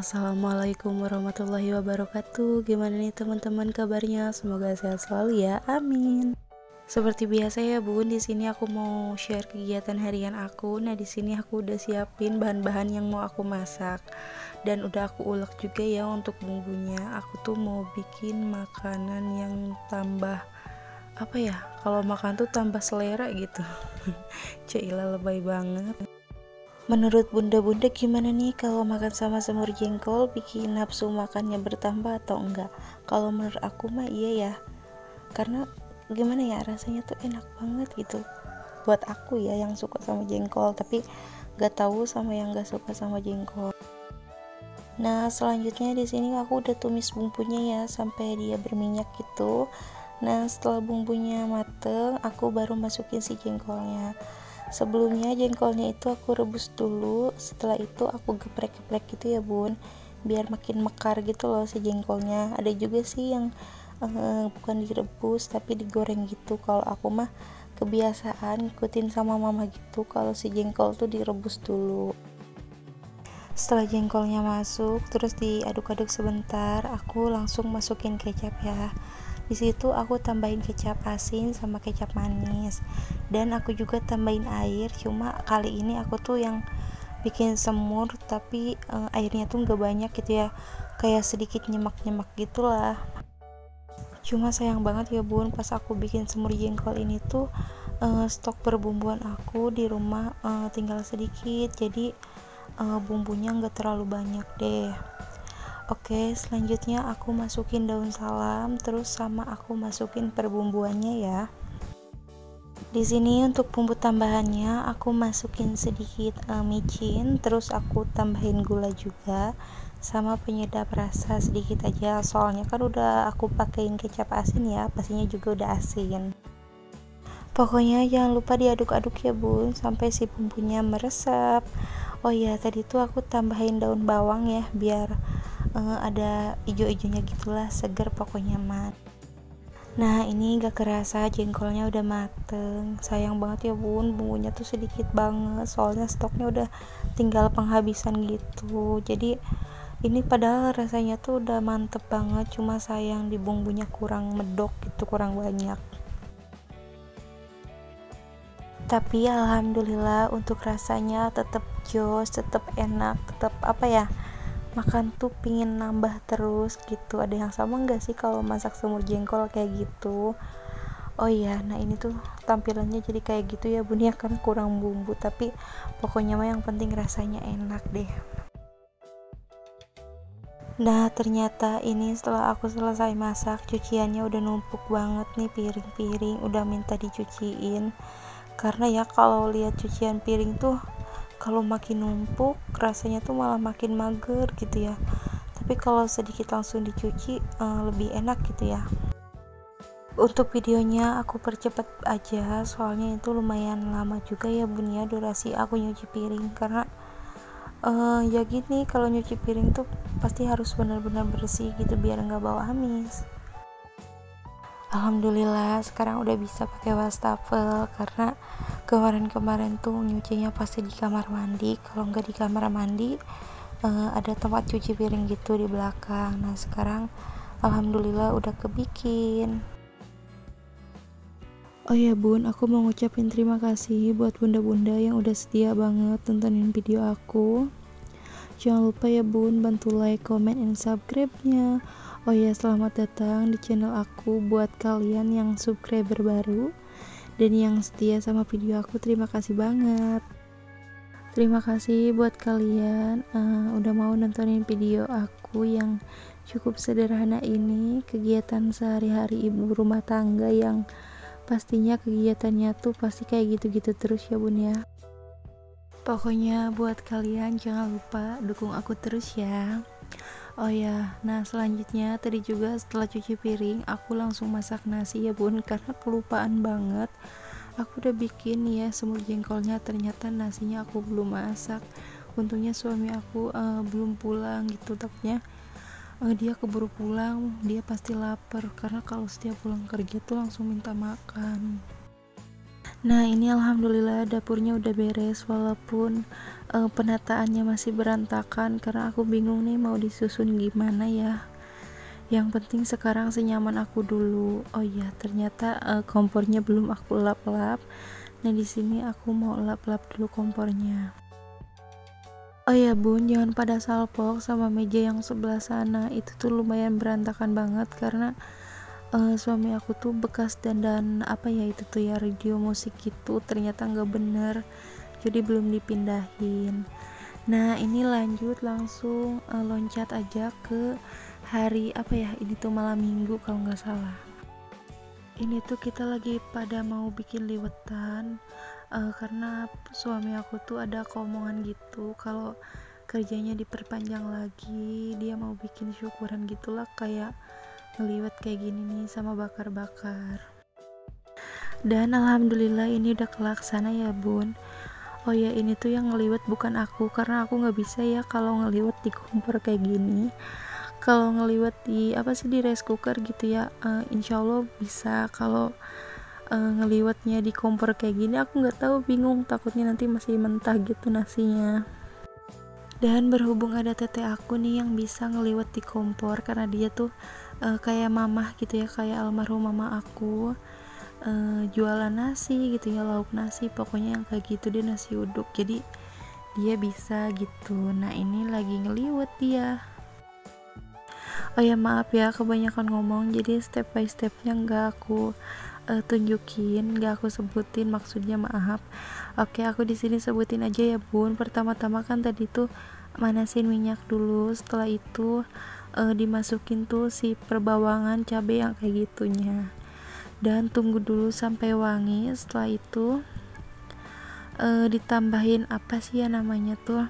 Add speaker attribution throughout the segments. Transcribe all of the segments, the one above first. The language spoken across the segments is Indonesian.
Speaker 1: Assalamualaikum warahmatullahi wabarakatuh Gimana nih teman-teman kabarnya? Semoga sehat selalu ya, amin Seperti biasa ya bun, di sini aku mau share kegiatan harian aku Nah di sini aku udah siapin bahan-bahan yang mau aku masak Dan udah aku ulek juga ya untuk bumbunya Aku tuh mau bikin makanan yang tambah apa ya kalau makan tuh tambah selera gitu Cila lebay banget Menurut bunda-bunda gimana nih kalau makan sama semur jengkol bikin nafsu makannya bertambah atau enggak? Kalau menurut aku mah iya ya. Karena gimana ya rasanya tuh enak banget gitu. Buat aku ya yang suka sama jengkol tapi gak tahu sama yang gak suka sama jengkol. Nah selanjutnya di sini aku udah tumis bumbunya ya sampai dia berminyak gitu. Nah setelah bumbunya mateng aku baru masukin si jengkolnya Sebelumnya jengkolnya itu aku rebus dulu, setelah itu aku geprek-geprek gitu ya bun, biar makin mekar gitu loh si jengkolnya. Ada juga sih yang eh, bukan direbus tapi digoreng gitu. Kalau aku mah kebiasaan ikutin sama mama gitu kalau si jengkol tuh direbus dulu. Setelah jengkolnya masuk, terus diaduk-aduk sebentar, aku langsung masukin kecap ya di situ aku tambahin kecap asin sama kecap manis dan aku juga tambahin air cuma kali ini aku tuh yang bikin semur tapi um, airnya tuh nggak banyak gitu ya kayak sedikit nyemak-nyemak gitulah cuma sayang banget ya bun pas aku bikin semur jengkol ini tuh uh, stok perbumbuan aku di rumah uh, tinggal sedikit jadi uh, bumbunya nggak terlalu banyak deh Oke, selanjutnya aku masukin daun salam, terus sama aku masukin perbumbuannya ya. Di sini untuk bumbu tambahannya aku masukin sedikit uh, micin, terus aku tambahin gula juga sama penyedap rasa sedikit aja. Soalnya kan udah aku pakein kecap asin ya, pastinya juga udah asin. Pokoknya jangan lupa diaduk-aduk ya, Bun, sampai si bumbunya meresap. Oh iya, tadi tuh aku tambahin daun bawang ya biar uh, ada ijo-ijonya gitulah seger pokoknya mat nah ini gak kerasa jengkolnya udah mateng sayang banget ya bun bumbunya tuh sedikit banget soalnya stoknya udah tinggal penghabisan gitu jadi ini padahal rasanya tuh udah mantep banget cuma sayang di bumbunya kurang medok gitu kurang banyak tapi alhamdulillah untuk rasanya tetap joss, tetap enak tetap apa ya makan tuh pingin nambah terus gitu ada yang sama nggak sih kalau masak semur jengkol kayak gitu oh iya nah ini tuh tampilannya jadi kayak gitu ya bun ya kan kurang bumbu tapi pokoknya mah yang penting rasanya enak deh Nah ternyata ini setelah aku selesai masak cuciannya udah numpuk banget nih piring-piring udah minta dicuciin karena ya kalau lihat cucian piring tuh kalau makin numpuk rasanya tuh malah makin mager gitu ya tapi kalau sedikit langsung dicuci uh, lebih enak gitu ya untuk videonya aku percepat aja soalnya itu lumayan lama juga ya bun ya durasi aku nyuci piring karena uh, ya gini kalau nyuci piring tuh pasti harus benar-benar bersih gitu biar nggak bawa amis alhamdulillah sekarang udah bisa pakai wastafel karena kemarin-kemarin tuh nyucinya pasti di kamar mandi kalau nggak di kamar mandi uh, ada tempat cuci piring gitu di belakang nah sekarang alhamdulillah udah kebikin Oh ya bun, aku mau ngucapin terima kasih buat bunda-bunda yang udah setia banget tontonin video aku. Jangan lupa ya bun, bantu like, comment, and subscribe-nya. Oh ya, selamat datang di channel aku buat kalian yang subscriber baru dan yang setia sama video aku. Terima kasih banget. Terima kasih buat kalian uh, udah mau nontonin video aku yang cukup sederhana ini, kegiatan sehari-hari ibu rumah tangga yang pastinya kegiatannya tuh pasti kayak gitu-gitu terus ya, Bun ya. Pokoknya buat kalian jangan lupa dukung aku terus ya. Oh ya, nah selanjutnya tadi juga setelah cuci piring, aku langsung masak nasi ya bun, karena kelupaan banget. Aku udah bikin ya semur jengkolnya, ternyata nasinya aku belum masak. Untungnya suami aku uh, belum pulang gitu takutnya uh, dia keburu pulang, dia pasti lapar karena kalau setiap pulang kerja tuh langsung minta makan. Nah, ini alhamdulillah dapurnya udah beres walaupun uh, penataannya masih berantakan karena aku bingung nih mau disusun gimana ya. Yang penting sekarang senyaman aku dulu. Oh iya, ternyata uh, kompornya belum aku lap-lap. Nah, di sini aku mau lap-lap dulu kompornya. Oh ya bun, jangan pada salpok sama meja yang sebelah sana itu tuh lumayan berantakan banget karena uh, suami aku tuh bekas dandan apa ya itu tuh ya radio musik gitu ternyata nggak bener jadi belum dipindahin nah ini lanjut langsung uh, loncat aja ke hari apa ya ini tuh malam minggu kalau nggak salah ini tuh kita lagi pada mau bikin liwetan uh, karena suami aku tuh ada keomongan gitu kalau kerjanya diperpanjang lagi dia mau bikin syukuran gitulah kayak ngeliwat kayak gini nih sama bakar-bakar dan alhamdulillah ini udah kelaksana ya bun oh ya ini tuh yang ngeliwat bukan aku karena aku nggak bisa ya kalau ngeliwat di kompor kayak gini kalau ngeliwat di apa sih di rice cooker gitu ya uh, insya Allah bisa kalau uh, ngeliwatnya di kompor kayak gini aku nggak tahu bingung takutnya nanti masih mentah gitu nasinya dan berhubung ada tete aku nih yang bisa ngeliwat di kompor karena dia tuh uh, kayak mamah gitu ya kayak almarhum mama aku uh, jualan nasi gitu ya lauk nasi pokoknya yang kayak gitu dia nasi uduk jadi dia bisa gitu nah ini lagi ngeliwet dia oh ya maaf ya kebanyakan ngomong jadi step by stepnya nggak aku uh, tunjukin nggak aku sebutin maksudnya maaf oke aku di sini sebutin aja ya bun pertama-tama kan tadi tuh manasin minyak dulu setelah itu uh, dimasukin tuh si perbawangan cabai yang kayak gitunya dan tunggu dulu sampai wangi setelah itu uh, ditambahin apa sih ya namanya tuh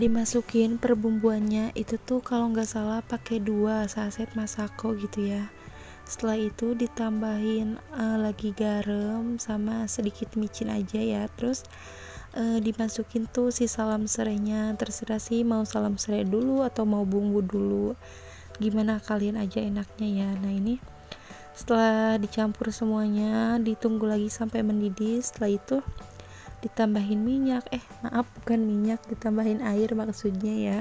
Speaker 1: dimasukin perbumbuannya itu tuh kalau nggak salah pakai dua saset masako gitu ya setelah itu ditambahin uh, lagi garam sama sedikit micin aja ya terus e, dimasukin tuh si salam serenya terserah sih mau salam serai dulu atau mau bumbu dulu gimana kalian aja enaknya ya nah ini setelah dicampur semuanya ditunggu lagi sampai mendidih setelah itu ditambahin minyak eh maaf bukan minyak ditambahin air maksudnya ya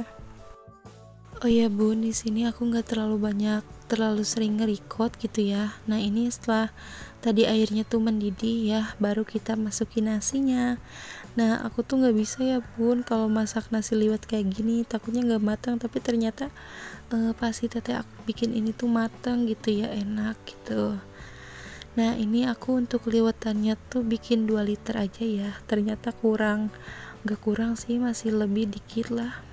Speaker 1: oh ya bun di sini aku nggak terlalu banyak terlalu sering nge gitu ya nah ini setelah tadi airnya tuh mendidih ya baru kita masukin nasinya nah aku tuh nggak bisa ya bun kalau masak nasi liwet kayak gini takutnya nggak matang tapi ternyata uh, eh, pasti teteh aku bikin ini tuh matang gitu ya enak gitu nah ini aku untuk liwetannya tuh bikin 2 liter aja ya ternyata kurang gak kurang sih masih lebih dikit lah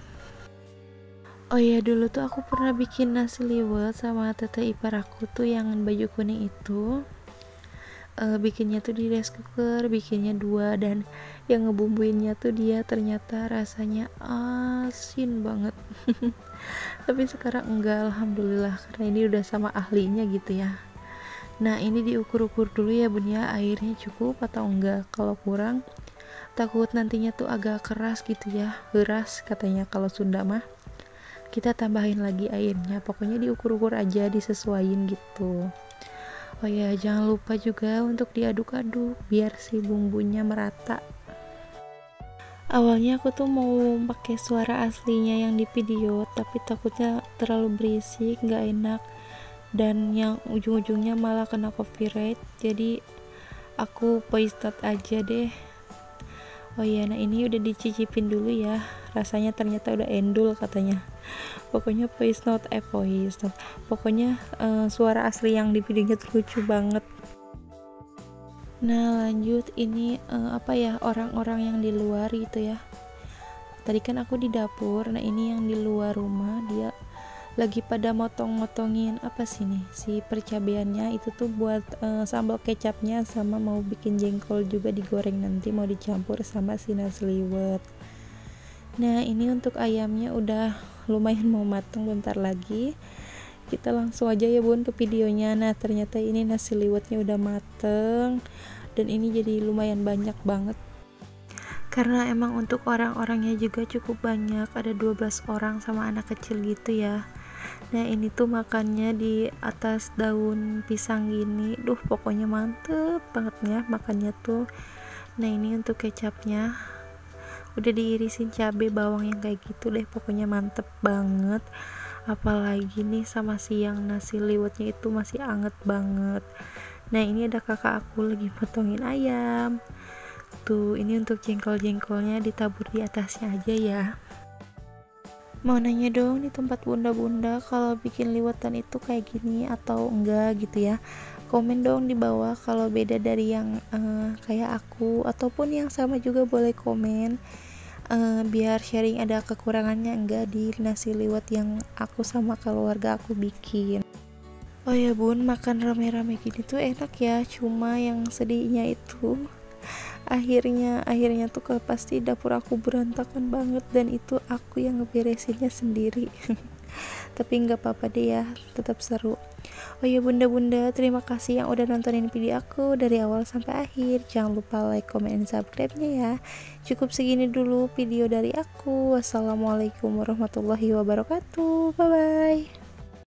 Speaker 1: Oh iya dulu tuh aku pernah bikin nasi liwet sama tete ipar aku tuh yang baju kuning itu uh, bikinnya tuh di rice cooker bikinnya dua dan yang ngebumbuinnya tuh dia ternyata rasanya asin banget tapi sekarang enggak alhamdulillah karena ini udah sama ahlinya gitu ya nah ini diukur-ukur dulu ya bun ya airnya cukup atau enggak kalau kurang takut nantinya tuh agak keras gitu ya keras katanya kalau Sunda mah kita tambahin lagi airnya pokoknya diukur-ukur aja disesuaiin gitu oh ya jangan lupa juga untuk diaduk-aduk biar si bumbunya merata awalnya aku tuh mau pakai suara aslinya yang di video tapi takutnya terlalu berisik nggak enak dan yang ujung-ujungnya malah kena copyright jadi aku paste aja deh oh iya nah ini udah dicicipin dulu ya rasanya ternyata udah endul katanya pokoknya voice note eh voice note pokoknya uh, suara asli yang di videonya lucu banget nah lanjut ini uh, apa ya orang-orang yang di luar gitu ya tadi kan aku di dapur nah ini yang di luar rumah dia lagi pada motong-motongin apa sih nih si percabeannya itu tuh buat uh, sambal kecapnya sama mau bikin jengkol juga digoreng nanti mau dicampur sama si nasi liwet nah ini untuk ayamnya udah lumayan mau matang bentar lagi kita langsung aja ya bun ke videonya nah ternyata ini nasi liwetnya udah mateng dan ini jadi lumayan banyak banget karena emang untuk orang-orangnya juga cukup banyak ada 12 orang sama anak kecil gitu ya nah ini tuh makannya di atas daun pisang gini duh pokoknya mantep banget ya makannya tuh nah ini untuk kecapnya udah diirisin cabe bawang yang kayak gitu deh pokoknya mantep banget apalagi nih sama siang nasi liwetnya itu masih anget banget nah ini ada kakak aku lagi potongin ayam tuh ini untuk jengkol-jengkolnya ditabur di atasnya aja ya mau nanya dong di tempat bunda-bunda kalau bikin liwetan itu kayak gini atau enggak gitu ya komen dong di bawah kalau beda dari yang uh, kayak aku ataupun yang sama juga boleh komen uh, biar sharing ada kekurangannya enggak di nasi liwet yang aku sama keluarga aku bikin oh ya bun makan rame-rame gini tuh enak ya cuma yang sedihnya itu akhirnya akhirnya tuh pasti dapur aku berantakan banget dan itu aku yang ngeberesinnya sendiri tapi nggak apa-apa deh ya tetap seru oh ya bunda-bunda terima kasih yang udah nontonin video aku dari awal sampai akhir jangan lupa like comment dan subscribe nya ya cukup segini dulu video dari aku wassalamualaikum warahmatullahi wabarakatuh bye bye